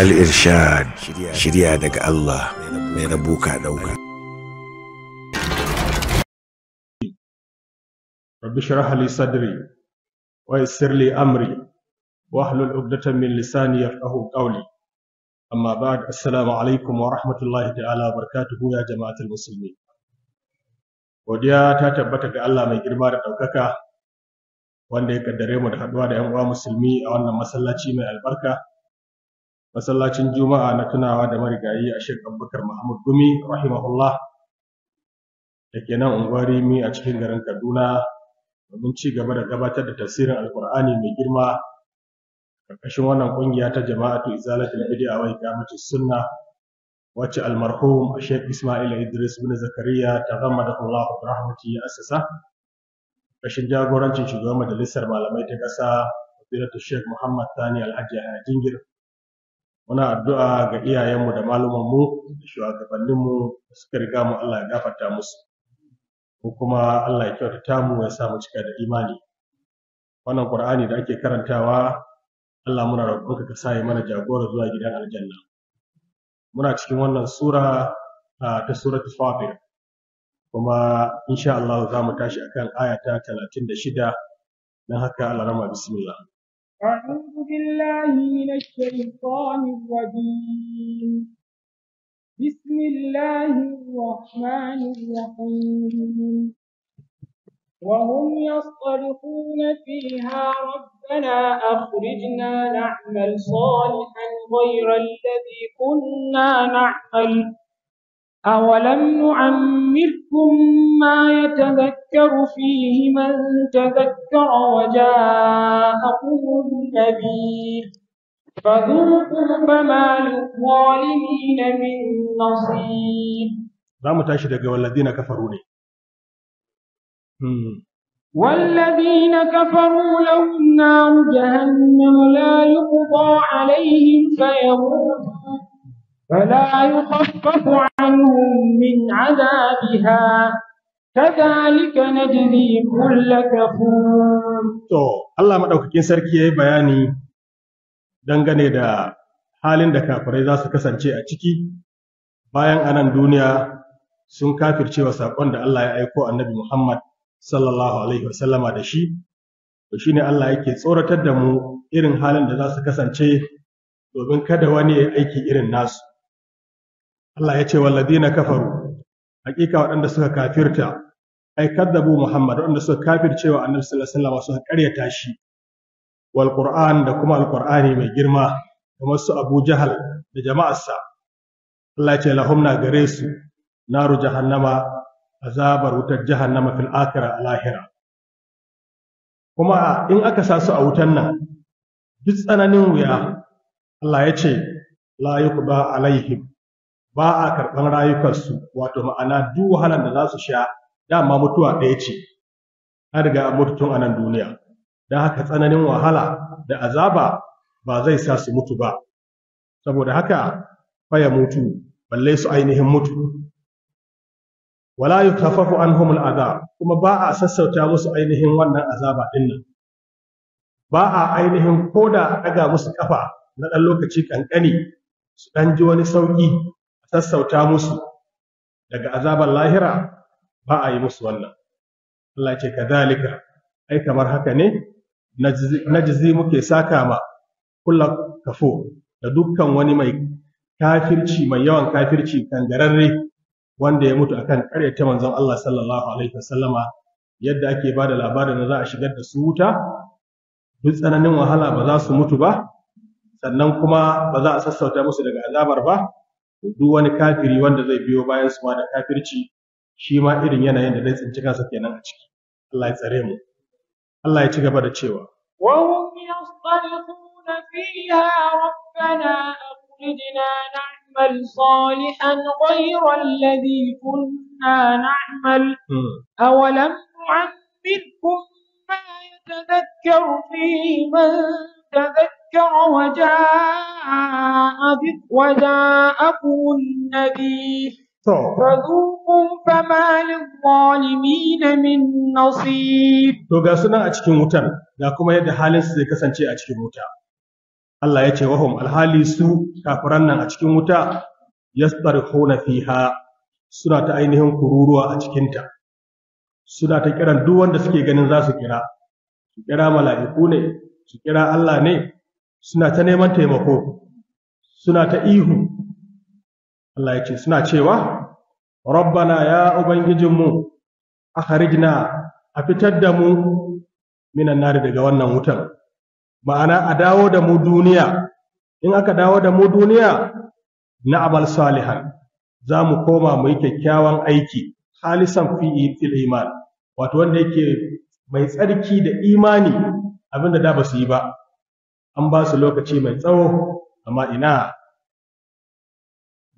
الإرشاد شريعة دك الله من أبوك أدوك رب شرح لي صدري ويسر لي أمري وأهل العقدة من لساني يفقه قولي أما بعد السلام عليكم ورحمة الله تعالى وبركاته يا جماعة المسلمين وديا أتبت الله من جربار أوكاكا وأنا أتبت الله من جربار أوكاكا وأنا أتبت من جربار masallacin juma'a na tunawa da marigayi a shek abubakar muhammad gumi rahimahullah da ke nan unguwar mi a cikin garin kaduna domin ci gaba da gabatar da tasirin alkur'ani mai girma ƙarƙashin wannan ƙungiya ta jama'atu izalatul a wai iqamati sunna wacce almarhum shek Ismail Idris bin Zakariya ta zama da Allah rahmati ya assasa ƙarƙashin jagorancin shugaban majalisar malamai ta ƙasa Fadilatu Shek Muhammad Sani Alhaji a Jingir muna addu'a ga iyayenmu da malumanmu da shugabanninmu da suka riga mu Allah ya gafarta musu ko kuma Allah ya kyautata mu ya sa mu cika da imani wannan Qur'ani da ake karantawa Allah muna roƙonka ka sa mana jagora zuwa gidan aljanna muna cikin wannan sura ta suratul Fatir kuma insha Allah za mu tashi akan aya ta 36 dan haka Allah rama bismillah أعوذ بالله من الشيطان الرجيم بسم الله الرحمن الرحيم وهم يصطرخون فيها ربنا أخرجنا نعمل صالحا غير الذي كنا نعمل أولم نعمركم ما يتذكر فيه من تذكر وجاءكم النذير فذوقوا فما للظالمين من نصير za mu والذين كفروا لي والذين كفروا لهم نار جهنم لا يقضى عليهم فيموتوا فلا يخفف عنهم من عذابها كذلك نجزي كل كفور to Allah madaukakin sarki yayi bayani dangane da halin da kafirai za su kasance a ciki bayan anan duniya sun kafircewa saƙon da Allah ya aiko annabi Muhammad sallallahu alaihi wasallama da shi to shine Allah yake tsoratar da mu irin halin da za su kasance domin kada wani ya aiki irin nasu Allah ya ce walladina kafaru hakika waɗanda suka kafirta ai kaddabu Muhammad waɗanda suka kafircewa Annabi sallallahu alaihi wasallam suka karyata shi wal Qur'an da kuma al mai girma kamar su Abu Jahal da jama'arsa Allah ya ce lahum na gare su naru jahannama azabar wutar jahannama fil akhirah al kuma in aka sa su a wutan nan duk tsananin wuya Allah ya ce la yuqba alaihim ba a rayukan rayukansu wato ma'ana duk wahalar da za su sha dama mutuwa ɗaya ce an riga mutu a nan duniya don haka tsananin wahala da azaba ba zai sa su mutu ba saboda haka faya mutu balle su ainihin mutu wala yukhafafu anhumul azab, kuma ba a sassauta musu ainihin wannan azaba din nan ba a ainihin koda daga musu kafa na ɗan lokaci kankani su dan ji wani sauƙi. sassauta musu daga azabar lahira ba a yi musu wannan Allah ce kadhalika ai kamar haka ne najzi muke saka ma kulla kafo da dukkan wani mai kafirci mai yawan kafirci kangararre wanda ya mutu akan ta manzon Allah sallallahu alaihi wasallama yadda ake ba da labarin da za a shigar da su wuta duk tsananin wahala ba za su mutu ba sannan kuma ba za a sassauta musu daga azabar ba duk wani kafiri wanda zai biyo bayan su ma da kafirci shi ma irin yanayin da zai tsinci kansa kenan a ciki Allah ya tsare mu Allah ya ci gaba da cewa wa hum yastalquna fiha rabbana akhrijna na'mal salihan ghayra alladhi kunna na'mal hmm. awalam nu'ammirkum ma yatadhakkaru fihi man tadhakkara ذكر وجاءكم النذير فذوقوا فما للظالمين من نصير to ga suna a cikin wutan ga kuma yadda halin su zai kasance a cikin wuta Allah ya ce hum alhali su kafiran nan a cikin wuta yasbarhuna fiha suna ta ainihin kururuwa a cikinta suna ta kiran duk wanda suke ganin za su kira su kira mala'iku ne su kira Allah ne suna ta neman taimako suna ta ihu Allah ya ce suna cewa rabbana ya ubangijinmu akhrijna a fitar da mu minan nari daga wannan wutan ma'ana a dawo da mu duniya in aka dawo da mu duniya na abal salihan za mu koma mu yi kyakkyawan aiki halisan fi fil iman wato wanda yake mai tsarki da imani abinda da ba su yi ba an ba su lokaci mai tsawo amma ina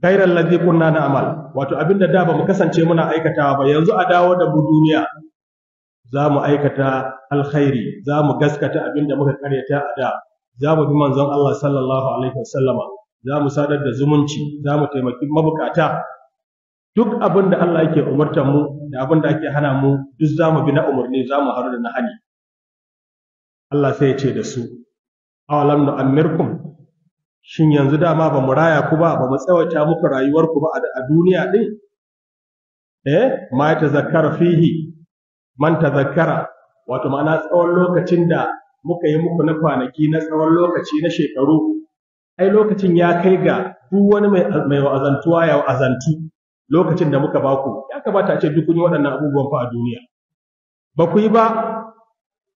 gairar ladhi kunna na amal wato abinda da ba mu kasance muna aikatawa ba yanzu a dawo da mu duniya za mu aikata alkhairi za mu gaskata abinda muka karyata a da za mu bi manzon Allah sallallahu alaihi wasallama za mu sadar da zumunci za mu taimaki mabukata duk abin da Allah yake umurtar mu da abin da ake hana mu duk za mu bi na umarni za mu haru da na hani Allah sai ya ce da su alam na amirkum shin yanzu dama ba mu raya ku ba ba mu tsawata muku rayuwar ba a duniya din eh ma Zakara fihi man Zakara, wato ma'ana tsawon lokacin da muka yi muku na kwanaki na tsawon lokaci na shekaru ai lokacin ya kai ga duk wani mai wa'azantuwa ya wa'azantu lokacin da muka baku ya kamata a ce duk kun yi waɗannan abubuwan fa a duniya ba ku yi ba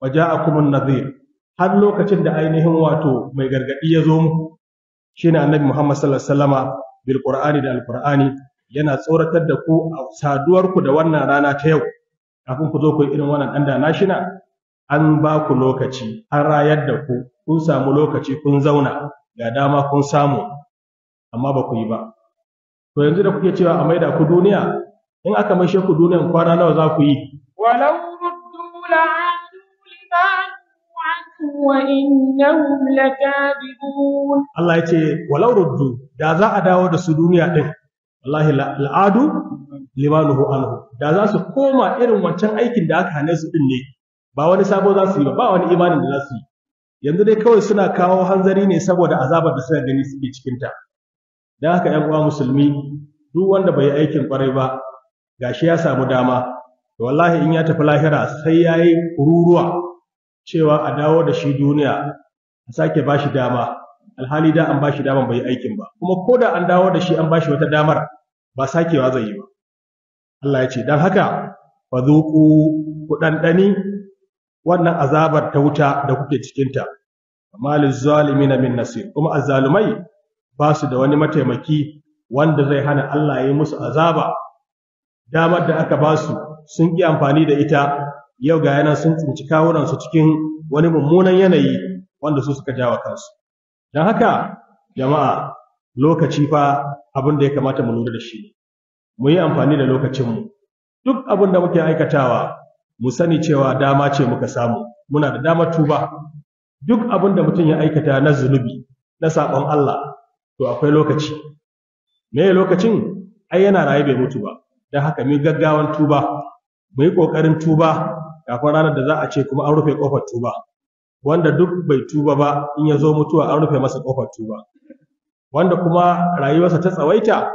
wa ja'akumun nadhir har lokacin da ainihin wato mai gargadi ya zo mu shine annabi Muhammad sallallahu alaihi wasallama bil qur'ani da qur'ani yana tsoratar da ku a saduwar ku da wannan rana ta yau kafin ku zo ku irin wannan dan da nashina an ba ku lokaci an rayar da ku kun samu lokaci kun zauna ga dama kun samu amma ba ku yi ba to yanzu da kuke cewa a maida ku duniya in aka maishe ku duniyan kwana nawa za ku yi walau ruddu ya ce, walau يتي da za a dawo da su duniya دين والله العادو limanuhu anhu da za su koma irin wancan aikin da aka hane su ɗin ne ba wani sabo za su yi ba ba wani imanin da za su yi yanzu dai kawai suna kawo hanzari ne saboda azabar da suka gani suke cikinta Da haka ‘yan uwa musulmi duk wanda bai yi aikin kwarai ba gashi ya samu dama wallahi in ya tafi lahira sai ya yi kururuwa cewa a dawo da shi duniya a sake ba shi dama alhali da an ba shi dama bai aikin ba kuma ko da an dawo da shi an ba shi wata damar ba sakewa zai yi ba Allah ya ce dan haka fa zuku ku dandani wannan azabar ta wuta da kuke cikin ta malil zalimin min nasir kuma azzalumai ba su da wani mataimaki wanda zai hana Allah ya yi musu azaba damar da aka ba su sun yi amfani da ita yau ga yana sun tsinci kawunansu cikin wani mummunan yanayi wanda su suka jawa kansu don haka jama'a lokaci fa abin da ya kamata mu lura da shi mu yi amfani da lokacinmu duk abin da muke aikatawa mu sani cewa dama ce muka samu muna da dama tuba duk abin da mutum ya aikata na zunubi na saƙon Allah to akwai lokaci me lokacin ai yana raye bai mutu ba don haka mu gaggawan tuba mu yi ƙoƙarin tuba kafin ranar da za a ce kuma an rufe kofar tuba wanda duk bai tuba ba in ya zo mutuwa an rufe masa kofar tuba wanda kuma rayuwarsa ta tsawaita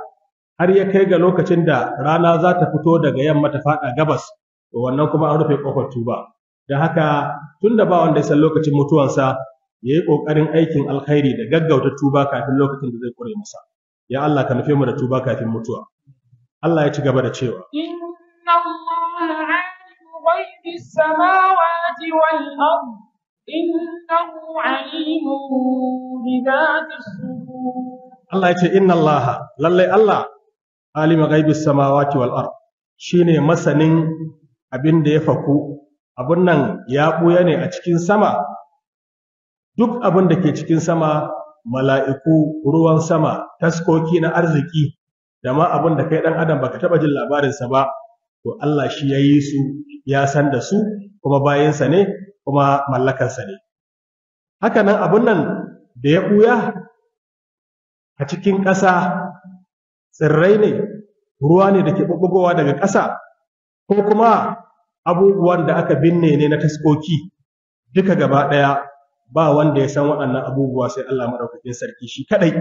har ya kai ga lokacin da rana za ta fito daga yamma ta faɗa gabas to wannan kuma an rufe kofar tuba da haka tun da ba wanda ya san lokacin mutuwansa ya yi ƙoƙarin aikin alkhairi da gaggauta tuba kafin lokacin da zai ƙure masa ya Allah ka nufe mu da tuba kafin mutuwa Allah ya ci gaba da cewa غيب السماوات والأرض إنه عليم بذات الصدور الله يقول إن الله للي الله عالم غيب السماوات والأرض شيني مسنين abin da ya faku abin nan ya ɓuya ne a cikin sama duk abin da ke cikin sama mala'iku ruwan sama taskoki na arziki da ma abin da kai ɗan adam baka taɓa jin labarinsa ba to Allah shi ya yi su ya san da su kuma bayansa ne kuma mallakarsa ne haka nan abun nan da ya ɓuya a cikin ƙasa tsirrai ne ruwa ne da ke ɓuɓɓugowa daga ƙasa ko kuma abubuwan da aka binne ne na taskoki duka gaba ɗaya ba wanda ya san waɗannan abubuwa sai Allah maɗaukakin sarki shi kaɗai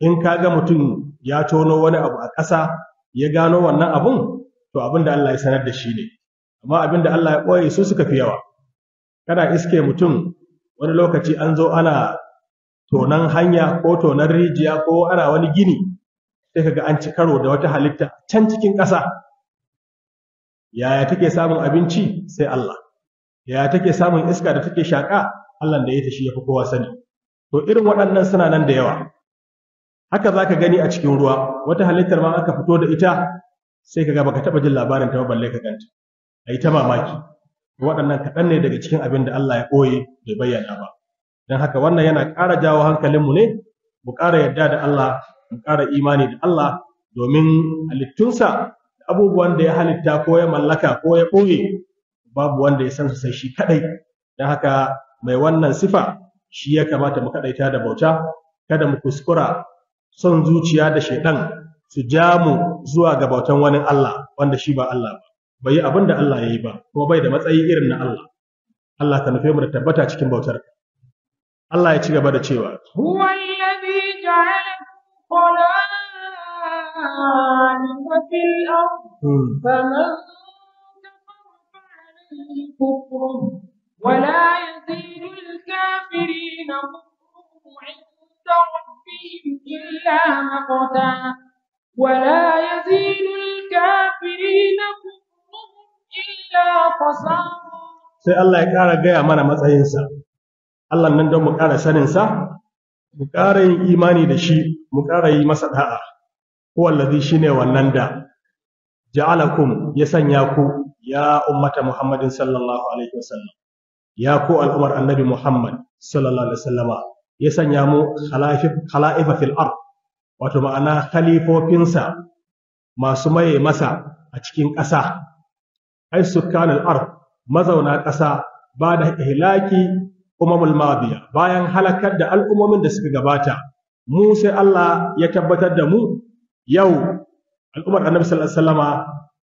in ka ga mutum ya tono wani abu a ƙasa ya gano wannan abun to abin da Allah ya sanar da shi ne amma abin da Allah ya ɓoye su suka fi yawa kana iske mutum wani lokaci an zo ana tonan hanya ko tonan rijiya ko ana wani gini sai kaga an ci karo da wata halitta can cikin ƙasa yaya take samun abinci sai Allah yaya take samun iska da take shaƙa Allah da ya ta shi ya fi kowa sani to irin waɗannan suna nan da yawa haka za ka gani a cikin ruwa wata halittar ma aka fito da ita sai ka ga baka taɓa jin labarin ta balle ka ganta a ta mamaki waɗannan kaɗan ne daga cikin abin da Allah ya ɓoye bai bayyana ba don haka wannan yana ƙara jawo hankalinmu ne mu ƙara yadda da Allah mu ƙara imani da Allah domin halittunsa abubuwan da ya halitta ko ya mallaka ko ya ɓoye babu wanda ya san su sai shi kaɗai don haka mai wannan sifa shi ya kamata mu kaɗaita da bauta kada mu kuskura son zuciya da shaiɗan su ja mu zuwa gabatan wani Allah wanda shi ba Allah ba bai yi abin da Allah ya yi ba kuma bai da matsayi irin na Allah Allah ka nufe mu da tabbata cikin bautar Allah ya ci gaba da cewa huwa alladhi ja'ala khalaqa ولا يزيد الكافرين عند ربهم مقتا ولا يزيد الكافرين كفرهم إلا خسارا sai Allah ya ƙara gaya mana matsayinsa Allah nan don mu ƙara saninsa mu ƙara yin imani da shi mu ƙara yi masa da'a huwallazi shine wannan da ja'alakum ya sanya ku ya ummata Muhammadin sallallahu alaihi wasallam ya ku al'umar annabi Muhammad sallallahu alaihi wasallama ya sanya mu khala'ifa fil ard wato ma'ana khalifofinsa masu maye masa a cikin ƙasa ai sukkan mazauna ƙasa ba da ihlaki umamul madiya bayan halakar da al'ummomin da suka gabata mu sai Allah ya tabbatar da mu yau al'ummar annabi sallallahu alaihi wasallama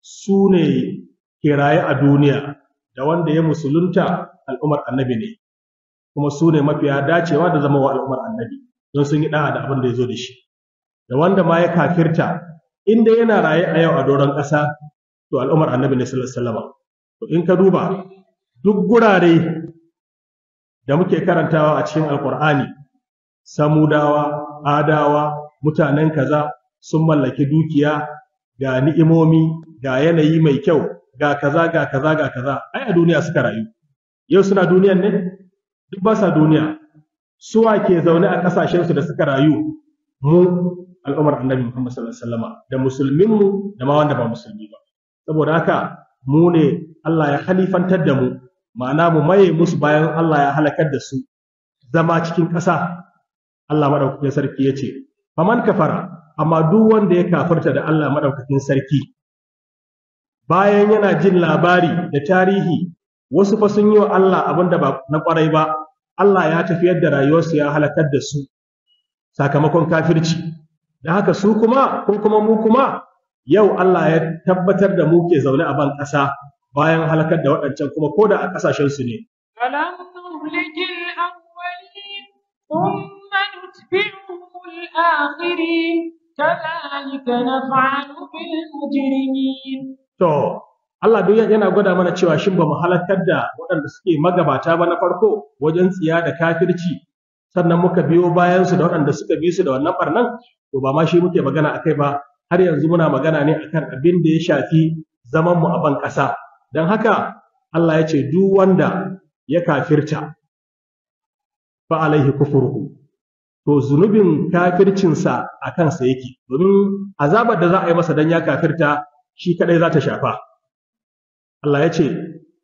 su ne kiraye a duniya da wanda ya musulunta al'ummar annabi ne kuma su ne mafiya dacewa da zama wa al'ummar annabi don sun yi da'a da abin da ya zo da shi da wanda ma ya kafirta inda yana raye a yau a doron ƙasa to al'ummar annabi ne sallallahu alaihi wasallam to in ka duba duk gurare da muke karantawa a cikin alkur'ani samudawa adawa mutanen kaza sun mallaki dukiya ga ni'imomi ga yanayi mai kyau ga kaza ga kaza ga kaza ai a duniya suka rayu yau suna duniyan ne duk ba sa duniya suwa ke zaune a ƙasashensu da suka rayu mu al'umar annabi Muhammad sallallahu alaihi wasallama da musulmin mu da ma wanda ba musulmi ba saboda haka mu ne Allah ya halifantar da mu ma'ana mu maye musu bayan Allah ya halakar da su zama cikin ƙasa Allah madaukakin sarki ya ce faman kafara amma duk wanda ya kafarta da Allah madaukakin sarki bayan yana jin labari da tarihi wasu fa sun yi wa Allah abin da ba na kwarai ba Allah ya tafiyar da rayuwarsu ya halakar da su sakamakon kafirci da haka su kuma ko kuma mu kuma yau Allah ya tabbatar da mu ke zaune a ban ƙasa bayan halakar da waɗancan kuma ko da a ƙasashen su ne To, Allah duk yana gwada mana cewa shin ba mu halakar da waɗanda suke magabata ba na farko wajen tsiya da kafirci sannan muka biyo bayansu da waɗanda suka bi su da wannan barnan to ba ma shi muke magana akai ba har yanzu muna magana ne akan abin da ya shafi zaman mu a ban ƙasa don haka Allah ya ce duk wanda ya kafirta fa alaihi kufruhu to zunubin kafircinsa a kansa yake domin azabar da za a yi masa dan ya kafirta shi kadai za ta shafa Allah ya ce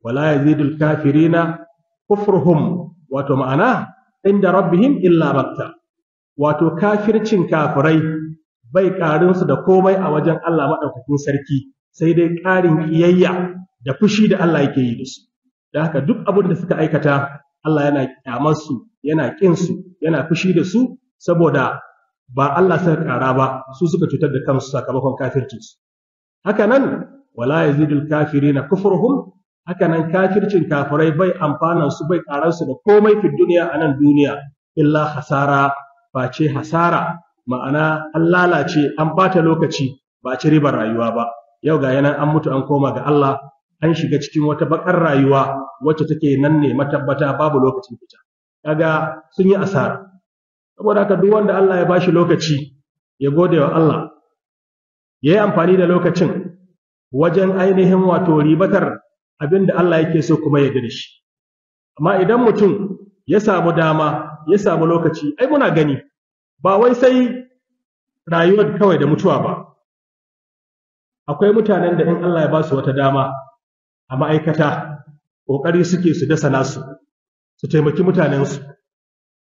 wala yazidul kafirina kufruhum wato ma'ana inda rabbihim illa bakta wato kafircin kafirai bai ƙarin su da komai a wajen Allah madaukakin sarki sai dai ƙarin ƙiyayya da fushi da Allah yake yi da su da haka duk abin da suka aikata Allah yana kyamar su yana ƙin su yana fushi da su saboda ba Allah suka ƙara ba su suka cutar da kansu sakamakon kafircin su haka nan wala yazidul kafirina kufruhum haka nan kafircin kafirai bai amfanan su bai karan da komai fi duniya a nan duniya illa hasara ba ce hasara ma'ana an lalace an bata lokaci ba ci ribar rayuwa ba yau ga yanan an mutu an koma ga Allah an shiga cikin wata bakar rayuwa wacce take nan ne matabbata babu lokacin fita kaga sun yi asara saboda haka duk wanda Allah ya bashi lokaci ya gode wa Allah ya yi amfani da lokacin wajen ainihin wato ribatar abin da Allah yake so kuma ya da shi amma idan mutum ya samu dama ya samu lokaci ai muna gani ba wai sai rayuwar kawai da mutuwa ba akwai mutanen da in Allah ya ba su wata dama a ma'aikata ƙoƙari suke su dasa nasu su taimaki mutanensu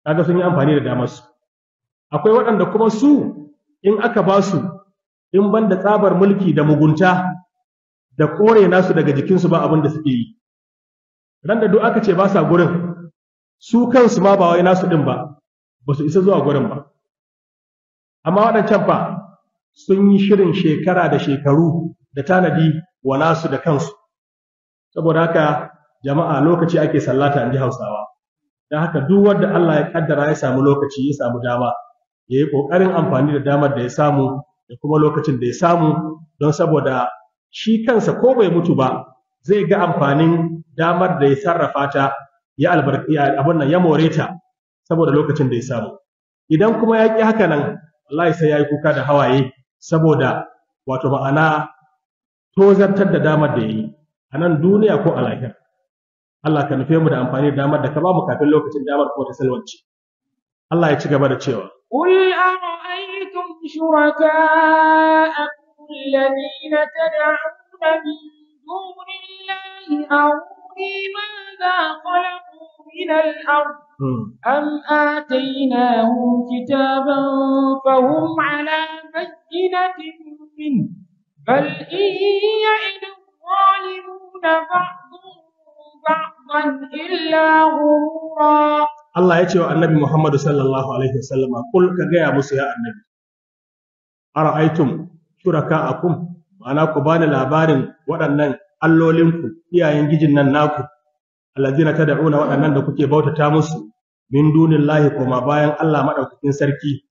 kaga sun yi amfani da damar su akwai waɗanda kuma su in aka ba su in ban da tsabar mulki da mugunta da kore nasu daga jikinsu ba abin da suke yi ran da duk aka ce ba sa gurin su kansu ma ba wai nasu ɗin ba ba su isa zuwa gurin ba amma waɗancan fa sun yi shirin shekara da shekaru da tanadi wa nasu da kansu saboda haka jama'a lokaci ake sallata in ji hausawa don haka duk wanda Allah ya kaddara ya samu lokaci ya samu dama ya yi ƙoƙarin amfani da damar da ya samu da kuma lokacin da ya samu don saboda shi kansa ko bai mutu ba zai ga amfanin damar da ya sarrafa ta ya albarki abin nan ya more ta saboda lokacin da ya samu idan kuma ya ƙi haka nan wallahi sai ya yi kuka da hawaye saboda wato ma'ana tozartar da damar da ya yi a nan duniya ko a lahira Allah ka nufe mu da amfani da damar da ka ba mu kafin lokacin damar ko ta salwanci Allah ya ci gaba da cewa قل أرأيتم شركاءكم الذين تدعون من دون الله أروني ماذا خلقوا من الأرض أم آتيناهم كتابا فهم على بينة منه بل إن يعد الظالمون بعضهم بعضا إلا غرورا Allah ya ce wa annabi Muhammadu sallallahu Alaihi wasallama, Kul ka gaya musu ya annabi, ara'aitum a kun? ma'ana ku bani labarin waɗannan allolinku iyayen gijin nan naku allazina tad'una waɗannan da kuke bautata musu min lahi koma bayan Allah maɗaukakin sarki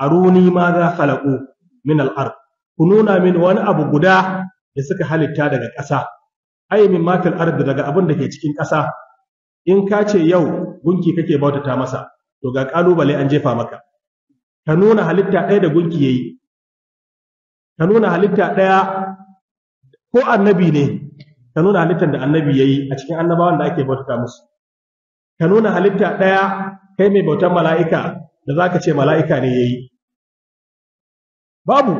aruni ma za khalaqu min al'ar ku nuna min wani abu guda da suka halitta daga ƙasa ai min makal daga abin da ke cikin ƙasa in ka ce yau gunki kake bautata masa to ga kalubale an jefa maka ka nuna halitta ɗaya da gunki yayi ta nuna halitta ɗaya ko annabi ne ta nuna halittar da annabi ya yi a cikin annabawan da ake bauta musu ta nuna halitta ɗaya kai mai bautan mala'ika da za ka ce mala'ika ne ya yi babu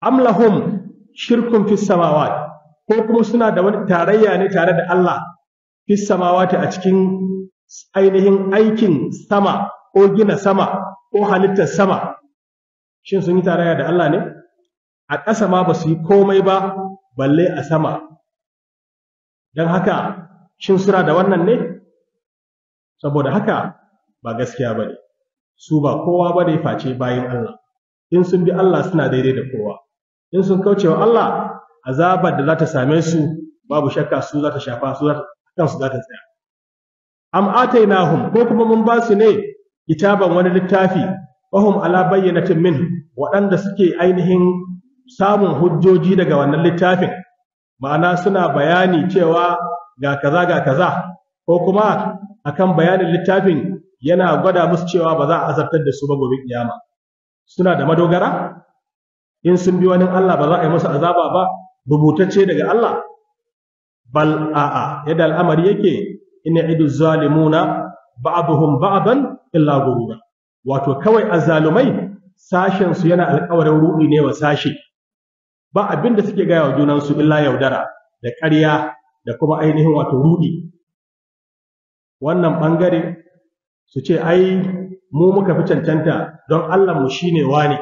amlahum shirkun fi samawa ko kuma suna da wani tarayya ne tare da Allah fi samawati a cikin ainihin aikin sama ko gina sama ko halittar sama shin sun yi tarayya da Allah ne a ƙasa ma ba su yi komai ba balle a sama don haka shin suna da wannan ne saboda haka ba gaskiya ba ne su ba kowa ba ne face bayan Allah in sun bi Allah suna daidai da kowa in sun kauce wa Allah azabar da za ta same su babu shakka su za ta shafa su kansu za ta tsaya am atainahum ko kuma mun ba su ne kitaban wani littafi fahum ala bayyanatin min waɗanda suke ainihin samun hujjoji daga wannan littafin ma'ana suna bayani cewa ga kaza ga kaza ko kuma akan bayanin littafin yana gwada musu cewa ba za a azabtar da su ba gobe kiyama suna da madogara in sun bi wani Allah ba za a yi musu azaba ba rubutacce daga Allah bal a'a yadda al'amari yake inna idu zalimuna ba'abuhum ba'aban illa gurura wato kawai azzalumai sashen su yana alƙawarin ruɗi ne wa sashe ba abin da suke gaya wa junansu illa yaudara da ƙarya da kuma ainihin wato rudi wannan ɓangare su ce ai mu muka fi cancanta don Allah mu shine wane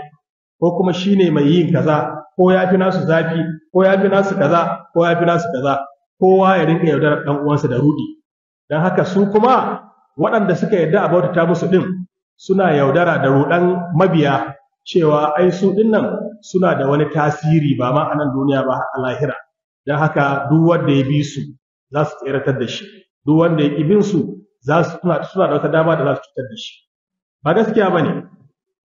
ko kuma shine mai yin kaza ko ya fi nasu zafi ko ya fi nasu kaza ko ya fi nasu kaza kowa ya rinka yaudarar ɗan uwansa da rudi don haka su kuma waɗanda suka yarda a ta musu ɗin suna yaudara da ruɗan mabiya cewa ai su dinnan suna da wani tasiri ba ma a nan duniya ba a lahira don haka duk wanda ya bi su za su tseratar da shi duk wanda ya ƙi su za su suna da wata dama da za su cutar da shi ba gaskiya ba ne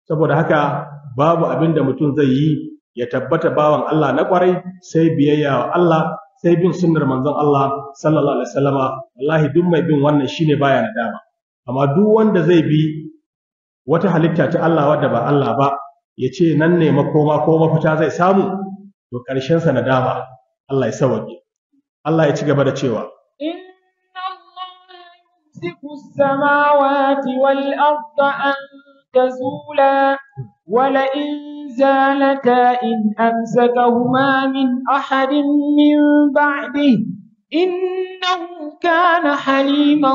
saboda haka babu abin da mutum zai yi ya tabbata bawan Allah na kwarai sai biyayya wa Allah sai bin sunnar manzon Allah sallallahu alaihi wasallama wallahi duk mai bin wannan shine baya nadama amma duk wanda zai bi wata halitta ta Allah wadda ba Allah ba ya ce nan ne makoma ko mafita zai samu to ƙarshensa na dama Allah ya sawaje Allah ya ci gaba da cewa يمسك السماوات والأرض أن تزولا ولئن زالتا إن أمسكهما من أحد من بعده إنه كان حليما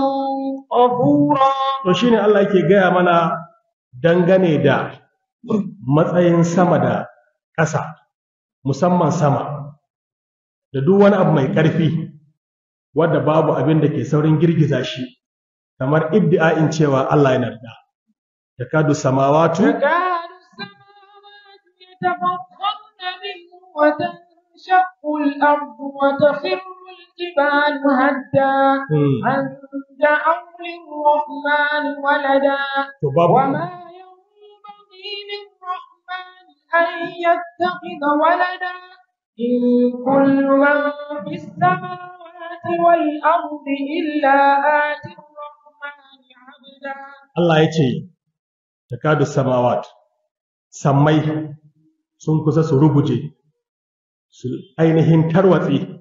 غفورا وشين الله يكي جاء منا dangane da matsayin sama da ƙasa musamman sama da duk wani abu mai ƙarfi wadda babu abin da ke saurin girgiza shi kamar ibdi'a'in cewa Allah yana da da kadu samawatu abu wata الجبال هدا أن دعوا للرحمن ولدا وما ينبغي للرحمن أن يتخذ ولدا إن كل من في السماوات والأرض إلا آتي الرحمن عبدا الله يتي تكاد السماوات سمي sun kusa su ruguje su ainihin tarwatse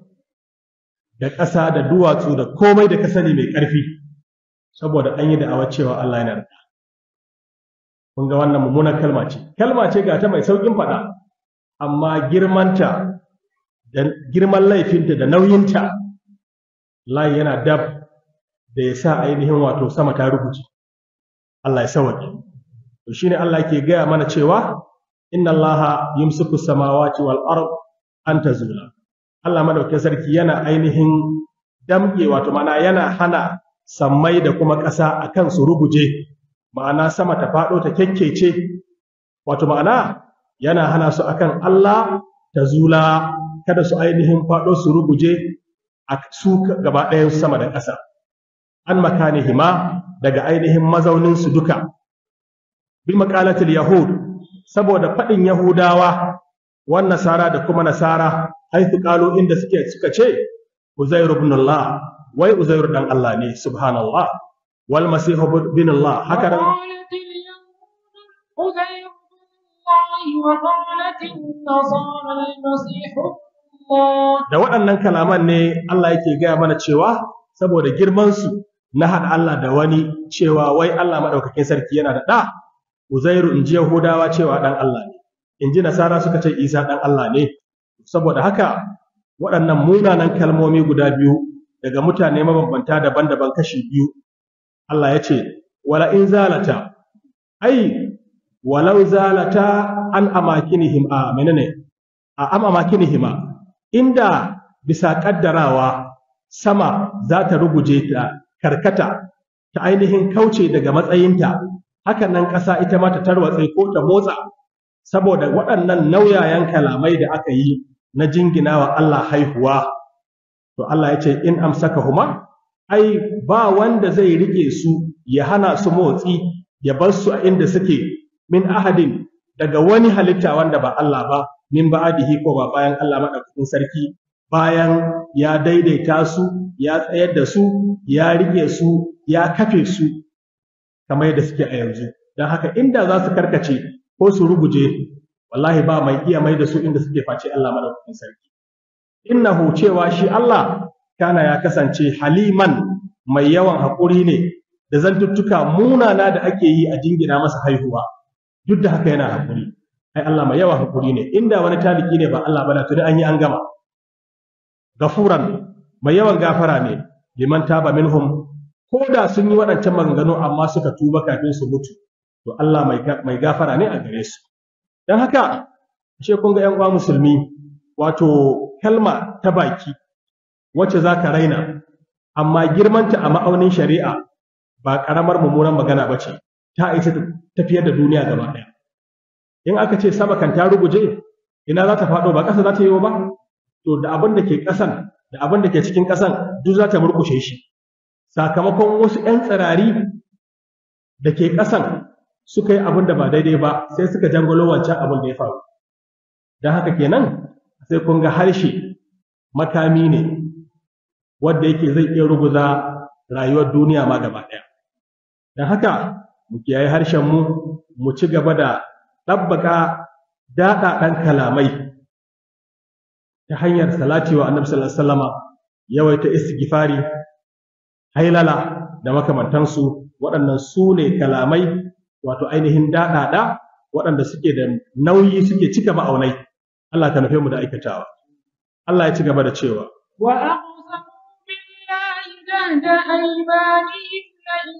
da ƙasa da duwatsu da komai da ka sani mai ƙarfi saboda an yi da'awa cewa Allah yana da kun ga wannan mummunan kalma ce kalma ce ga ta mai saukin faɗa amma girmanta da girman laifinta da nauyinta layi yana dab da ya sa ainihin wato sama ta rubuce Allah ya sawaki to shine Allah ke gaya mana cewa inna allaha yumsiku samawati wal ard an tazula Allah madaukakin sarki yana ainihin damge wato ma'ana yana hana sammai da kuma ƙasa akan su ruguje ma'ana sama ta faɗo ta kekkece wato ma'ana yana hana su akan Allah ta zula kada su ainihin faɗo su ruguje a su gaba ɗayan sama da ƙasa an makane hima daga ainihin mazauninsu duka bi makalatul yahud saboda faɗin yahudawa wan nasara da kuma nasara haythu kalu inda suke suka ce Uzairu ibn Allah wai Uzairu dan Allah ne subhanallah wal masih ibn Allah haka da waɗannan kalaman ne Allah yake gaya mana cewa saboda girmansu na haɗa Allah da wani cewa wai Allah maɗaukakin sarki yana da ɗa, Uzairu in ji Yahudawa cewa ɗan Allah ne. in ji nasara suka ce isa ɗan Allah ne saboda haka waɗannan munanan kalmomi guda biyu daga mutane mabambanta daban-daban kashi biyu Allah ya ce wala in zalata ai walau zalata an amakinihim a menene a am inda bisa kaddarawa sama za ta ruguje ta karkata ta ainihin kauce daga matsayinta hakan nan ƙasa ita ma ta tarwatse ko ta motsa saboda waɗannan nauyayen kalamai da aka yi na jingina wa Allah haihuwa to Allah ya ce in amsaka huma ai ba wanda zai rike su ya hana su motsi ya bar su a inda suke min ahadin daga wani halitta wanda ba Allah ba min ba'adihi ko ba bayan Allah madaukakin sarki bayan ya daidaita su ya tsayar da su ya rike su ya kafe su kamar yadda suke a yanzu don haka inda za su karkace ko su ruguje wallahi ba mai iya mai da su inda suke face Allah madaukakin sarki innahu cewa shi Allah kana ya kasance haliman mai yawan haƙuri ne da zantuttuka munana da ake yi a jingina masa haihuwa duk da haka yana haƙuri ai Allah mai yawan haƙuri ne inda wani taliki ne ba Allah bana da tuni an yi an gama gafuran mai yawan gafara ne liman taba minhum ko da sun yi waɗancan maganganu amma suka tuba kafin su mutu to Allah mai gafara ne a gare su don haka ashe kun ga 'yan uwa musulmi wato kalma ta baki wacce za ka raina amma girmanta a ma'aunin shari'a ba ƙaramar mummunan magana ba ce ta isa tafiyar da duniya gaba ɗaya in aka ce sama kan ta ruguje ina za ta faɗo ba ƙasa za ta yi ba to da abin da ke ƙasan da abin da ke cikin ƙasan duk za ta murƙushe shi sakamakon wasu 'yan tsirari da ke ƙasan suka yi abin da ba daidai ba sai suka jangolo wancan abin da ya faru don haka kenan sai kun ga harshe makami ne wanda yake zai iya ruguza rayuwar duniya ma gaba ɗaya don haka mu kiyaye harshen mu mu ci gaba da ɗabbaka daɗaɗan kalamai ta hanyar salati wa annabi sallallahu alaihi wasallama yawaita istighfari hailala da makamantansu waɗannan su ne kalamai wato ainihin daɗaɗa waɗanda suke da nauyi suke cika ma'aunai Allah ka nufe mu da aikatawa Allah ya ci gaba da cewa wa aqsamu billahi jahda aymanihim la in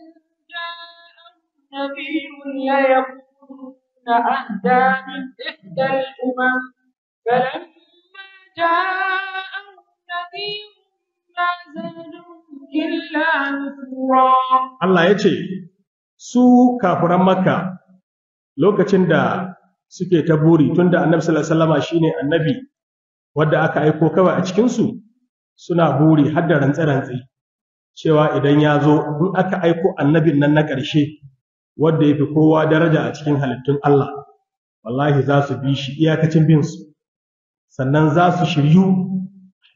ja'ahum nabiyun la yaquluna ahda min ihda al-umam falamma ja'ahum nabiyun ma zadahum illa nufura Allah ya ce su kafiran makka lokacin da suke ta buri tunda annabi sallallahu alaihi wasallama shine annabi wanda aka aiko kawai a cikin su suna buri har da rantsi-rantsi cewa idan ya zo in aka aiko annabin nan na ƙarshe wanda yafi kowa daraja a cikin halittun Allah wallahi za su bi shi iyakacin bin su sannan za su shiryu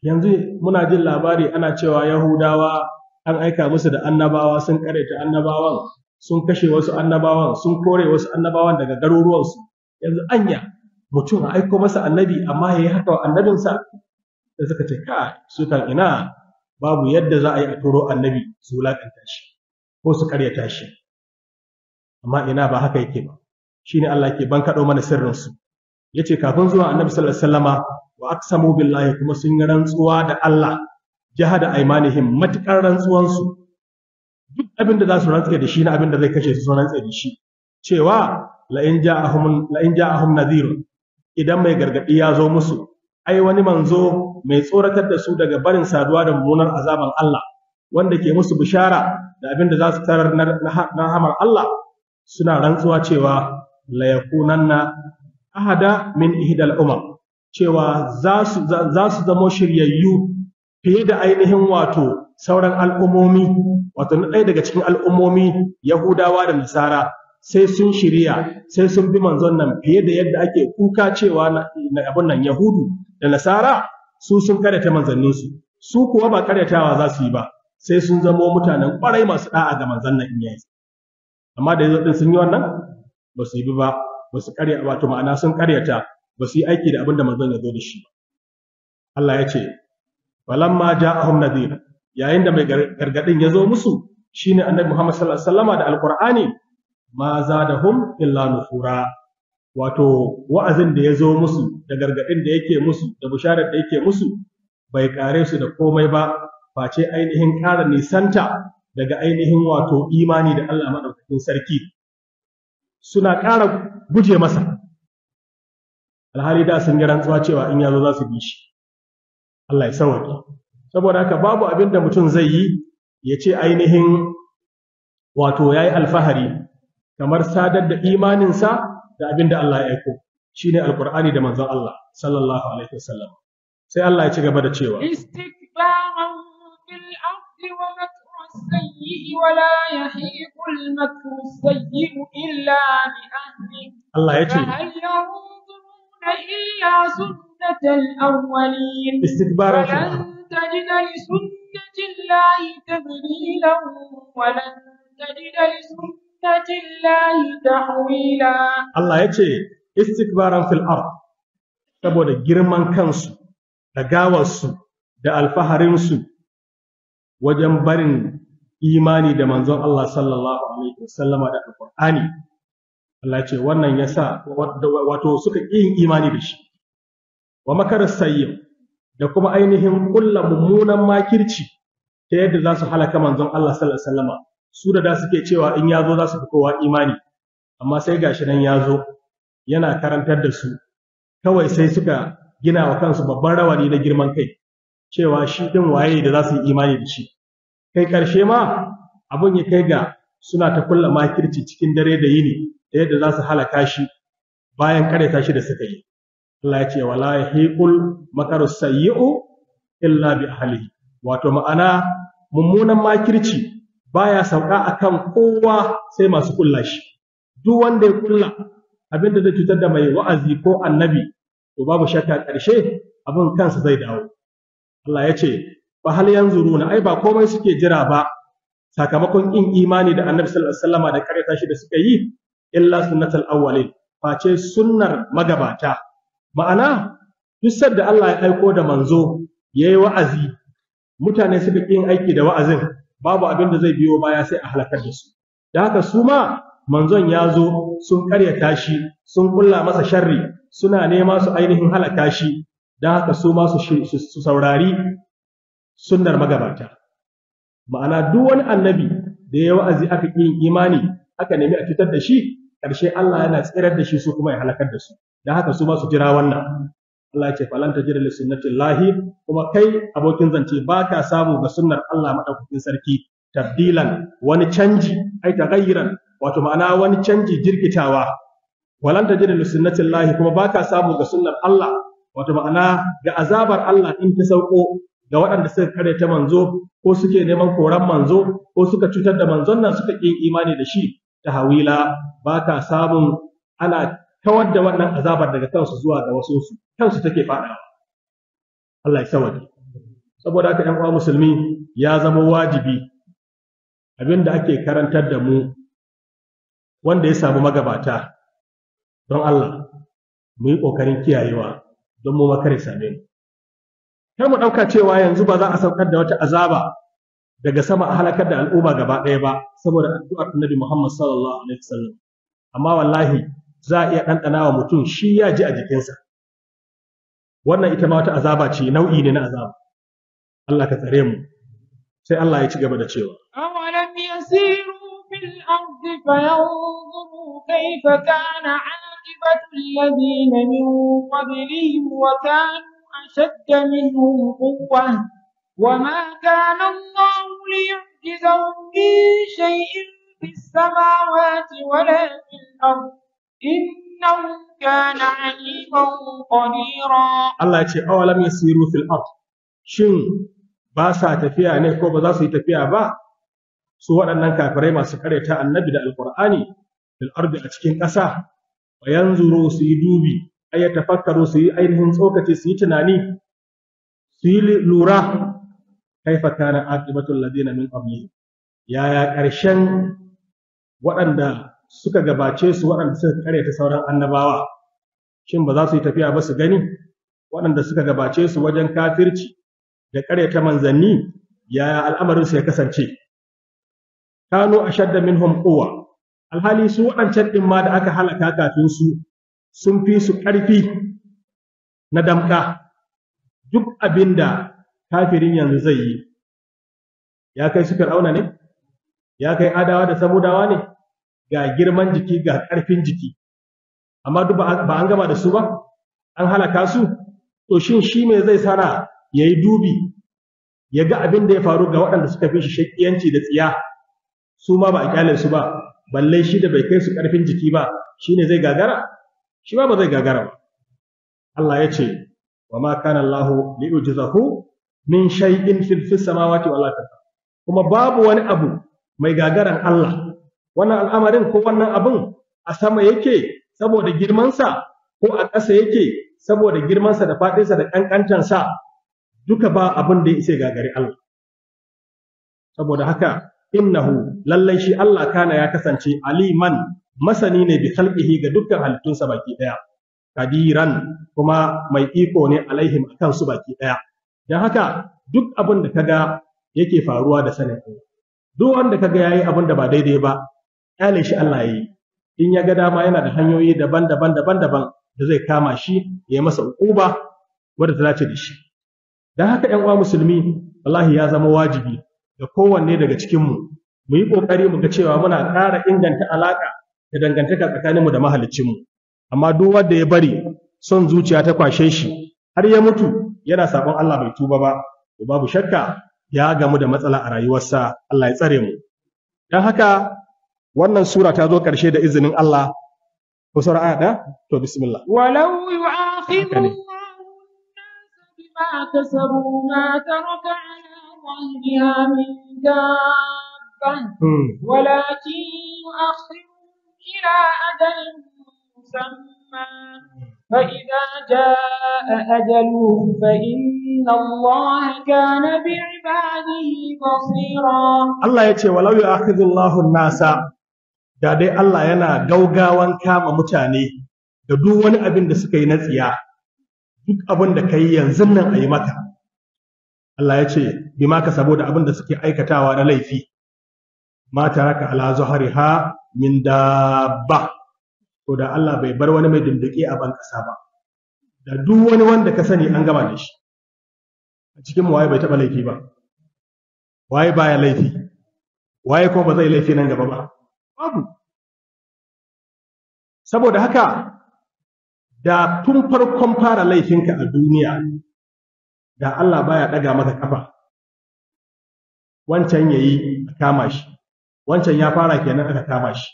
yanzu muna jin labari ana cewa yahudawa an aika musu da annabawa sun karaita annabawan sun kashe wasu annabawan sun kore wasu annabawan daga garuruwansu yanzu anya mutum a aiko masa annabi amma ya yi haka wa annabinsa da suka ce ka su kan ina babu yadda za a yi a turo annabi su wulaƙanta shi ko su karyata shi amma ina ba haka yake ba shine Allah ke ban kaɗo mana sirrinsu yace kafin zuwa annabi sallallahu alaihi wasallama wa aqsamu billahi kuma sun yi rantsuwa da Allah jahada aymanihim matukar rantsuwansu duk abin da za su rantse da shi na abin da zai kashe su sun tsari shi cewa la'in ja ahum la in idan mai gargadi ya zo musu ai wani manzo mai tsoratar da su daga barin saduwa da mummunar azaban Allah wanda ke musu bishara da abin da za su tarar na hamar Allah suna rantsuwa cewa la yakunanna ahada min ihdal umam cewa za su zamo shiryayyu fiye da ainihin wato sauran al'ummomi wato na ɗaya daga cikin al'ummomi yahudawa da nasara sai sun shirya sai sun bi manzon nan fiye da yadda ake kuka cewa na abin nan yahudu da nasara su sun karyata manzanninsu su kuwa ba karyatawa za su yi ba sai sun zamo mutanen kwarai masu ɗa'a ga manzon nan in amma da yazo sun yi wannan ba su yi ba ba su karya wato ma'ana sun karyata ba su yi aiki da abin da manzon ya zo da shi Allah ya ce falamma ja'ahum nadhir yayin da mai gargadin ya zo musu shine annabi Muhammad sallallahu alaihi wasallama da alqur'ani ma zadahum illa nufura wato wa'azin da ya zo musu da gargadin da yake musu da bisharar da yake musu bai kare su da komai ba face ainihin ƙara nisanta daga ainihin wato imani da Allah madaukakin sarki suna ƙara guje masa alhali da sun yi rantsuwa cewa in yazo za su bi shi Allah ya saboda haka babu abin da mutum zai yi ya ce ainihin wato yayi alfahari kamar sadar da imaninsa da abin da Allah ya aiko shine alkur'ani da manzon Allah sallallahu alaihi wasallam sai Allah ya ci gaba da cewa istikbaran bil ardi wa makru illa Allah ya ce سنة الأولين استكبارا ولن تجد لسنة الله تبديلا ولن تجد لسنة الله تحويلا الله يجي استكبارا في الأرض saboda girman kansu da gawarsu da alfaharinsu wajen barin imani da manzon Allah sallallahu alaihi wasallama da alqur'ani Allah ce wannan ya sa wato suka yin imani da shi wa makar sayyi da kuma ainihin kulla mummunan makirci ta yadda za su halaka manzon Allah sallallahu alaihi wasallam su da da suke cewa in ya zo za su fi kowa imani amma sai gashi nan ya zo yana karantar da su kawai sai suka gina wa kansu babban rawani na girman kai cewa shi din waye da za su yi imani da shi kai karshe ma abun ya kai ga suna ta kulla makirci cikin dare da yini ta yadda za su halaka shi bayan karyata shi da suka yi Allah ya ce wala yahiqul makaru sayyi'u illa bi ahlihi wato ma'ana mummunan makirci baya sauka akan kowa sai masu kulla shi duk wanda ya kulla abin da zai cutar da mai wa'azi ko annabi to babu shakka ƙarshe abin kansa zai dawo Allah ya ce ba hal runa ai ba komai suke jira ba sakamakon in imani da annabi sallallahu alaihi wasallama da karyata shi da suka yi illa sunnatul awwalin face sunnar magabata ma'ana duk sadda Allah ya aiko da manzo yayi wa'azi mutane suka yin aiki da wa'azin babu abin da zai biyo baya sai a halakar da su da haka su ma manzon ya zo sun karyata shi sun kulla masa sharri suna nema su ainihin halaka shi da haka su ma su saurari sunnar magabata ma'ana duk wani annabi da ya wa'azi aka yin imani aka nemi a fitar da shi ƙarshe Allah yana tsirar da shi su kuma ya halakar da su da haka su ma su jira wannan Allah ya ce falan jira li sunnatillahi kuma kai abokin zance ba ka samu ga sunnar Allah madaukakin sarki tabdilan wani canji ai tagayyiran wato ma'ana wani canji jirkitawa walan jira li sunnatillahi kuma ba ka samu ga sunnar Allah wato ma'ana ga azabar Allah in ta sauko ga waɗanda suka kare ta manzo ko suke neman koran manzo ko suka cutar da manzon nan suka ƙi imani da shi ta hawila ba ka samun ana Ta da wannan azabar daga kansu zuwa ga wasu su kansu take faɗawa Allah ya sauke saboda haka ƴan uwa musulmi ya zama wajibi abinda ake karantar da mu wanda ya samu magabata don Allah mu yi ƙoƙarin kiyayewa don mu makare same mu kar mu ɗauka cewa yanzu ba za a saukar da wata azaba daga sama a halakar da al'umma gaba ɗaya ba saboda addu'ar annabi Muhammad sallallahu alaihi wasallam amma wallahi za a iya dandanawa mutum shi ya ji a jikinsa wannan ita ma wata azaba ce nau'i ne na azaba Allah ka tsare mu sai Allah ya ci gaba da cewa awalam yasiru fil ard fa yanzuru kayfa kana aqibatu alladhina min qablihim wa kanu ashadd minhum quwwa وما كان الله ليعجزه من شيء في السماوات ولا في الأرض إنه كان عليما قديرا الله يقول أولم يسيروا في الأرض shin ba sa tafiya ne ko ba za su yi tafiya ba su waɗannan kafirai masu karyata annabi da alkur'ani fil ardi a cikin ƙasa wa yanzuru su yi dubi ay tafakkaru su yi ainihin tsokace su yi tunani su yi lura kaifa kana aqibatul ladina min qabli yaya ƙarshen waɗanda suka gabace su waɗanda suka karyata sauran annabawa shin ba za su yi tafiya ba su gani waɗanda suka gabace su wajen kafirci da karyata manzanni yaya al'amarin su ya kasance Kano ashadda minhum quwwa alhali su waɗancan ɗin ma da aka halaka kafin su sun fi su ƙarfi na damka duk abinda kafirin yanzu zai yi ya kai su fir'auna ne ya kai adawa da samudawa ne ga girman jiki ga ƙarfin jiki amma duk ba an gama da su ba an halaka su to shin shi me zai sana ya yi dubi ya ga abin da ya faru ga waɗanda suka fi shi shakiyanci da tsiya su ma ba a ƙyale su ba balle shi da bai kai su ƙarfin jiki ba shi ne zai gagara shi ba ba zai gagara ba Allah ya ce wa ma kana Allah li yujizahu min shay'in fil samawati wal ardi kuma babu wani abu mai gagaran Allah wannan al'amarin ko wannan abin a sama yake saboda girmansa ko a ƙasa yake saboda girmansa da faɗinsa da sa, duka ba abin da ya isa gagari Allah saboda haka innahu lallai shi Allah kana ya kasance aliman masani ne bi khalqihi ga dukkan halittunsa baki ɗaya, kadiran kuma mai iko ne alaihim akan su baki ɗaya. dan haka duk abin da kaga yake faruwa da sanin Allah duk wanda kaga yayi abin da ba daidai ba kyale shi Allah ya yi in ya ga dama yana da hanyoyi daban-daban daban-daban da zai kama shi ya yi masa uquba wadda ta dace da shi dan haka ƴan uwa musulmi wallahi ya zama wajibi da kowanne daga cikin mu mu yi kokari mu ga cewa muna ƙara inganta alaƙa da dangantaka tsakaninmu da mahalicinmu amma duk wanda ya bari son zuciya ta kwashe shi har ya mutu yana sabon Allah bai tuba ba to babu shakka ya gamu da matsala a rayuwarsa Allah ya tsare mu Don haka wannan sura ta zo ƙarshe da izinin Allah ko sura aya da to bismillah walau فإذا جاء أجلهم فإن الله كان بعباده بصيرا الله يكشف ولو يؤاخذ الله الناس da dai Allah yana gaugawan kama mutane da duk wani abin da suka yi na tsiya duk abin da ka yi yanzu nan a yi maka Allah ya ce bi maka saboda abin da suke aikatawa na laifi ma taraka ala zuhariha min ba to da Allah bai bar wani mai dindike a ban kasa ba da duk wani wanda ka sani an gama da shi a cikin waye bai taba laifi ba waye baya laifi waye kuma ba zai laifi nan gaba ba babu saboda haka da tun farkon fara laifinka a duniya da Allah baya ɗaga maka kafa wancan yayi a kama shi wancan ya fara kenan aka kama shi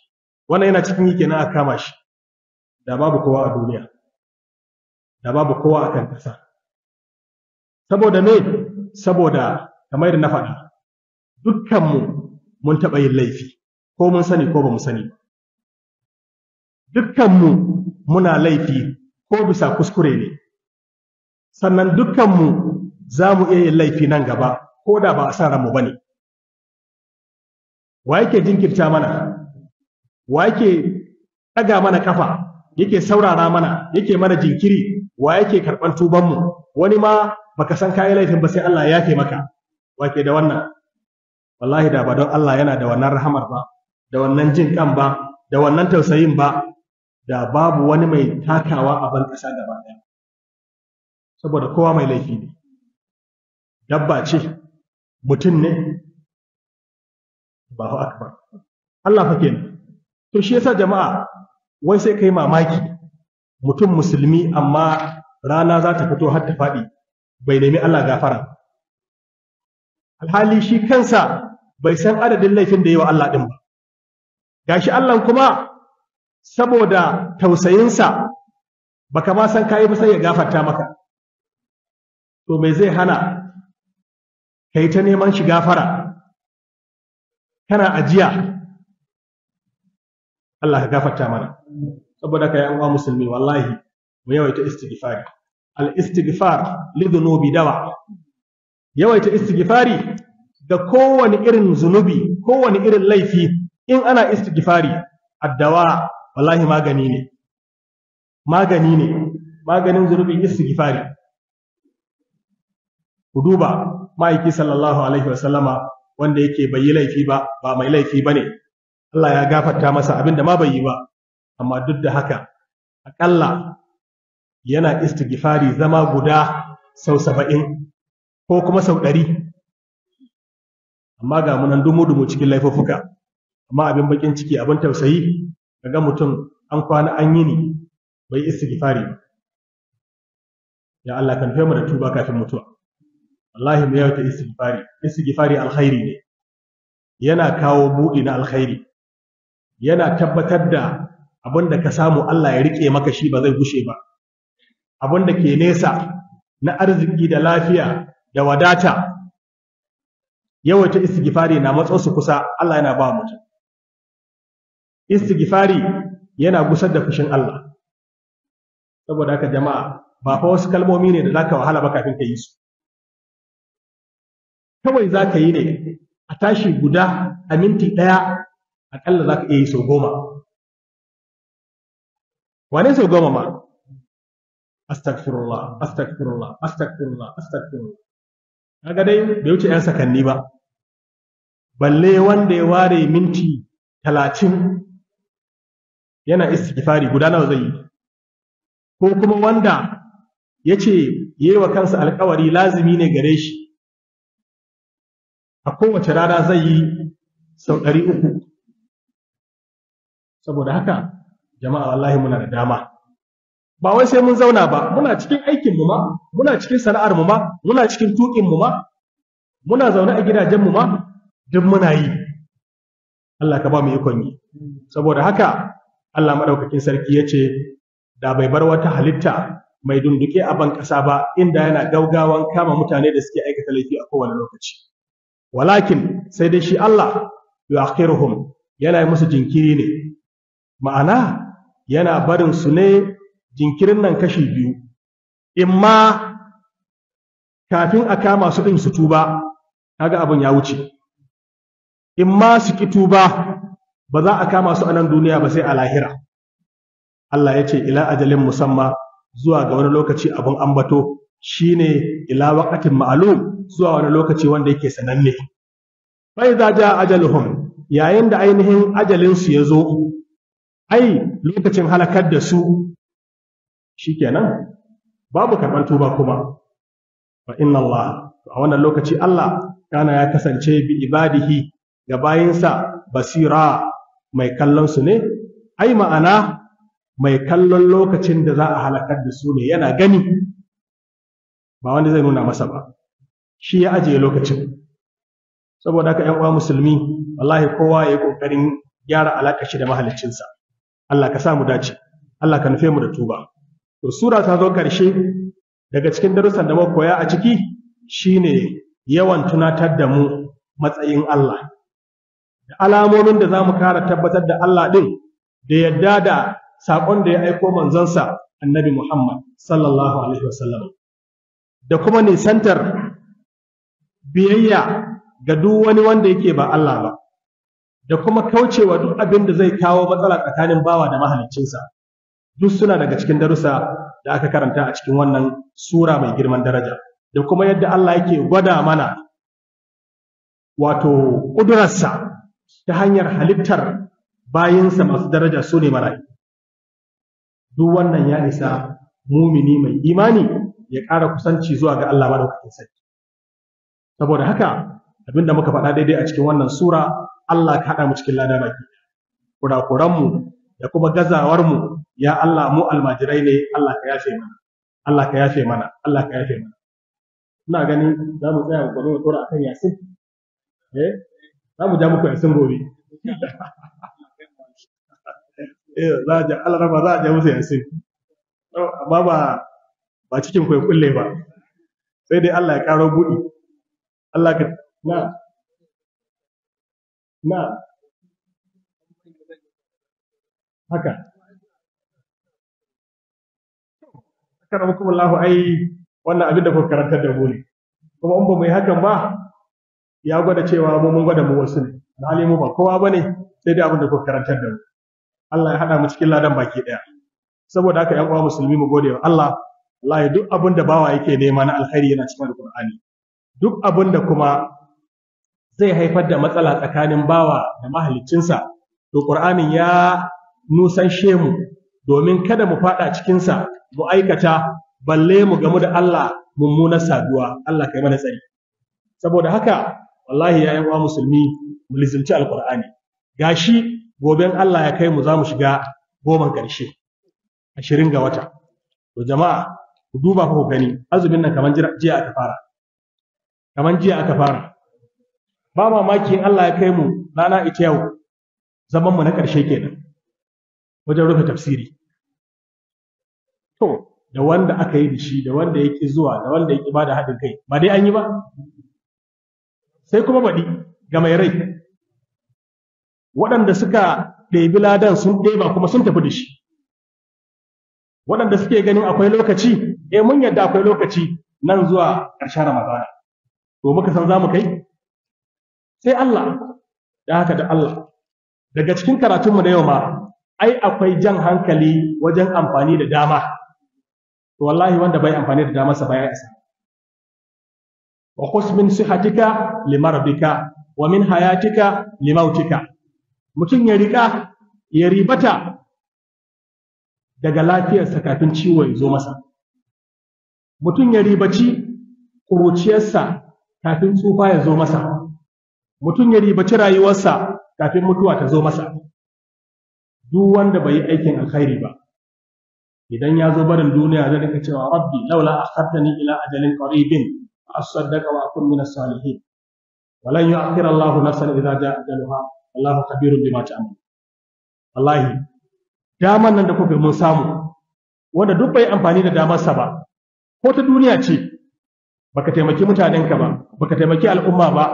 wannan yana cikin yi kenan aka kama shi da babu kowa a duniya da babu kowa a kan ƙasa saboda me saboda kamar da na faɗa dukkanmu mun taɓa yin laifi ko mun sani ko ba mu sani mu muna laifi ko bisa kuskure ne sannan mu za mu iya yin laifi nan gaba ko da ba a san ranmu ba ne wa yake jinkirta mana wa yake ɗaga mana kafa yake saurara mana yake mana jinkiri wa yake karɓar tubanmu wani ma baka san kayi laifin ba sai Allah ya yafe maka Wa ke da wannan wallahi da ba don Allah yana da wannan rahamar ba da wannan jin kan ba da wannan tausayin ba da babu wani mai takawa a ban kasa gaba ɗaya saboda kowa mai laifi ne dabba ce mutum ne ba aka akbar Allah fa kenan to shi yasa jama'a wai sai kai mamaki mutum musulmi amma rana za ta fito har ta faɗi bai nemi Allah gafara alhali shi kansa bai san adadin laifin da yi wa Allah ɗin ba gashi Allah kuma saboda tausayinsa baka ma san kayi ba sai ya gafarta maka to me zai hana kai ta neman shi gafara kana ajiya Allah ka gafarta mana saboda kai an wa musulmi wallahi mu yawaita istighfari al istighfar li dhunubi dawa yawaita istighfari da kowane irin zunubi kowane irin laifi in ana istighfari addawa wallahi magani ne magani ne maganin zunubi istighfari ku duba ma'aiki sallallahu alaihi wasallama wanda yake bai yi laifi ba ba mai laifi ba ne. Allah ya gafarta masa abinda ma bai yi ba amma duk da haka akalla yana istighfari zama guda sau saba'in ko kuma sau ɗari amma ga munan dumu-dumu cikin laifuffuka amma abin bakin ciki abin tausayi kaga mutum an kwana an yi ni bai istighfari ba ya Allah kan mu da tuba kafin mutuwa wallahi yawa ta istighfari istighfari alkhairi ne yana kawo buɗi na alkhairi yana tabbatar da abin da ka samu Allah ya rike maka shi ba zai gushe ba abin da ke nesa na arziki da lafiya da wadata yawaita istighfari na matso su kusa Allah yana ba mutum istighfari yana gusar da fushin Allah saboda haka jama'a ba fa wasu kalmomi ne da zaka wahala ba kafin ka yi su kawai zaka yi ne a tashi guda a minti ɗaya akalla zaka iya yi sau goma wane sau goma ma astaghfirullah astaghfirullah astaghfirullah astaghfirullah kaga dai bai wuce 'yan sakanni ba balle wanda ya ware minti talatin yana istighfari guda nawa zai yi ko kuma wanda yace yayi wa kansa alƙawari lazimi ne gare shi a kowace rana zai yi sau ɗari uku saboda haka jama'a wallahi muna da dama ba wai sai mun zauna ba muna cikin aikin mu ma muna cikin sana'ar mu ma muna cikin tuƙin mu ma muna zaune a gidajen mu ma duk muna yi Allah ka ba mu ikon yi saboda haka Allah madaukakin sarki ya ce da bai bar wata halitta mai dunduke a ban ƙasa ba inda yana gaugawan kama mutane da suke aikata laifi a kowane lokaci walakin sai dai shi Allah yu'akhiruhum yana yi musu jinkiri ne ma'ana yana barin su ne jinkirin nan kashi biyu imma kafin a kama su ɗin su tuba kaga abin ya wuce imma su ki tuba ba za a kama su a nan duniya ba sai a lahira Allah ya ce ila ajalin musamma zuwa ga wani lokaci abin ambato shine ila waqatin ma'lum zuwa wani lokaci wanda yake sananne fa idza ja ajaluhum yayin da ainihin ajalinsu ya zo ai lokacin halakar da su shikenan babu karɓar tuba kuma fa inna Allah a wannan lokaci Allah kana ya kasance bi ibadihi ga bayinsa basira mai kallon su ne ai ma'ana mai kallon lokacin da za a halakar da su ne yana gani ba wanda zai nuna masa ba shi ya ajiye lokacin saboda haka ƴan uwa musulmi wallahi kowa ya yi ƙoƙarin gyara alaƙa shi da mahaliccinsa Allah ka sa mu dace Allah ka nufe mu da tuba to sura ta zo karshe daga cikin darussan da muka koya a ciki shine yawan tunatar da mu matsayin Allah da alamomin da za mu kara tabbatar da Allah ɗin da yadda da saƙon da ya aiko manzansa annabi Muhammad sallallahu alaihi wasallam da kuma nisantar biyayya ga duk wani wanda yake ba Allah ba da kuma kaucewa duk abin da zai kawo matsala tsakanin bawa da mahaliccinsa duk suna daga cikin darussa da aka karanta a cikin wannan sura mai girman daraja da kuma yadda Allah yake gwada mana wato ƙudurarsa ta hanyar halittar bayinsa masu daraja su ne duk wannan ya isa mumini mai imani ya ƙara kusanci zuwa ga Allah madaukakin sarki saboda haka abinda muka faɗa daidai a cikin wannan sura Allah ka haɗa mu cikin lada baki kurakuranmu da kuma gazawarmu ya Allah mu almajirai ne Allah ka yafe mana Allah ka yafe mana Allah ka yafe mana ina ganin za mu tsaya mu mu tura akan yasin eh za mu ja muku yasin gobe eh za a ja alarama za a ja musu yasin amma ba ba cikin ku kulle ba sai dai Allah ya karo buɗi Allah ka na na haka karamukum ai wannan abin da kuka karantar da mu ne kuma in ba mu hakan ba ya gwada cewa mu mun gwada mu wasu ne alhali mu ba kowa bane sai dai abin da kuka karantar da mu Allah ya haɗa mu cikin ladan baki ɗaya. saboda haka yan uwa musulmi mu gode wa Allah wallahi duk abin da bawa yake nema na alkhairi yana cikin alqur'ani duk abin da kuma zai haifar da matsala tsakanin bawa da mahaliccinsa to qur'anin ya nusan shemu domin kada mu faɗa cikinsa mu aikata balle mu gamu da Allah mummunar saduwa Allah kai mana tsari saboda haka wallahi ya yawa musulmi mu lizimci alqur'ani gashi goben Allah ya kai mu za mu shiga goman ƙarshe ashirin ga wata to jama'a ku duba ku gani azumin nan kamar jiya aka fara kamar jiya aka fara ba mamaki Allah ya kai mu rana ita yau zaman mu na ƙarshe kenan wajen rufe tafsiri to da wanda aka yi da shi da wanda ya zuwa da wanda ya ƙi ba da haɗin kai ba dai an yi ba sai kuma baɗi ga mai rai waɗanda suka ɗebi ladan sun ɗeba kuma sun tafi da shi waɗanda suke ganin akwai lokaci eh mun yadda akwai lokaci nan zuwa ƙarshen ramadana to muka san za mu kai sai Allah da haka da Allah daga cikin karatunmu da yau ma ai akwai jan hankali wajen amfani da dama to wallahi wanda bai amfani da damarsa ba ya isa wa khus min sihatika limarabika wa min hayatika limautika mutum ya riƙa ya ribata daga lafiyarsa kafin ciwo ya zo masa mutum ya ribaci ƙuruciyarsa kafin tsufa ya zo masa mutum ya ribaci rayuwarsa kafin mutuwa ta zo masa duk wanda bai yi aikin alkhairi ba idan ya zo barin duniya zai rika cewa rabbi laula akhartani ila ajalin qaribin أصدق وأكون من الصالحين ولن يؤخر الله نفسا إذا جاء أجلها والله خبير بما تعمل Wallahi, daman nan da kuka mun samu wanda duk bai amfani da damarsa ba ko ta duniya ce baka taimaki mutanenka ba baka taimaki al'umma ba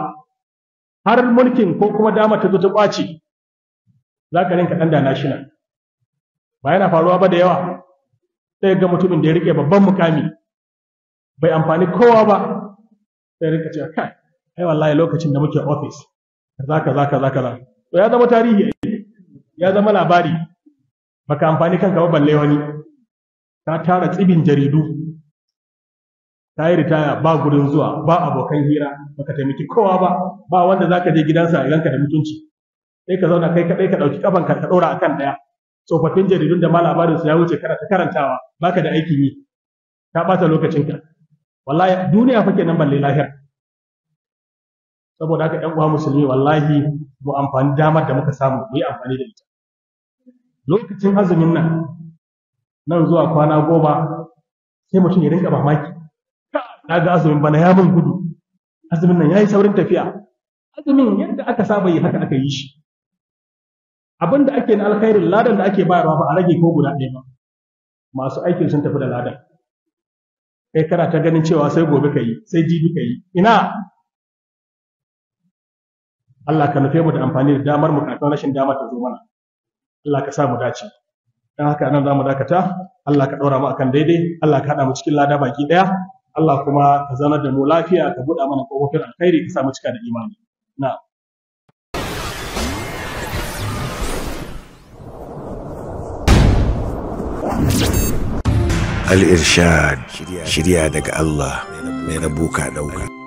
har mulkin ko kuma dama ta zo ta kwace za ka rinka ɗan dana shi ba yana faruwa ba da yawa sai ga mutumin da ya rike babban mukami bai amfani kowa ba sai rinka cewa kai ai wallahi lokacin da muke office zaka zaka zaka za. to ya zama tarihi ya zama labari baka amfani kanka ba balle wani ka tara tsibin jaridu ta yi ritaya ba gurin zuwa ba abokan hira baka taimaki kowa ba ba wanda zaka je gidansa idan ka da mutunci sai ka zauna kai kadai ka dauki kafan ka daura akan daya tsofaffin jaridun da ma labarin su ya wuce karanta karantawa baka da aikin yi ka bata lokacinka wallahi duniya fa kenan balle lahira saboda haka ƴan uwa musulmi wallahi mu amfani damar da muka samu mu yi amfani da ita lokacin azumin nan nan zuwa kwana goma sai mutum ya rinka mamaki na ga azumin bana ya mun gudu azumin nan ya yi saurin tafiya azumin yadda aka saba yi haka aka yi shi abin da ake na alkhairin ladan da ake bayarwa ba a rage ko guda ɗaya ba masu aikin sun tafi da ladan kai kana ta ganin cewa sai gobe ka yi sai jibi ka yi ina Allah ka nufe mu da amfani da damar mu kafin rashin dama ta zo mana Allah ka sa mu dace dan haka nan zamu dakata Allah ka daura mu akan daidai Allah ka hada mu cikin lada baki daya Allah kuma ka zanar da mu lafiya ka buɗa mana kofofin alkhairi ka sa mu cika da imani na'am al-irshad shirya daga Allah mai rabuka ɗauka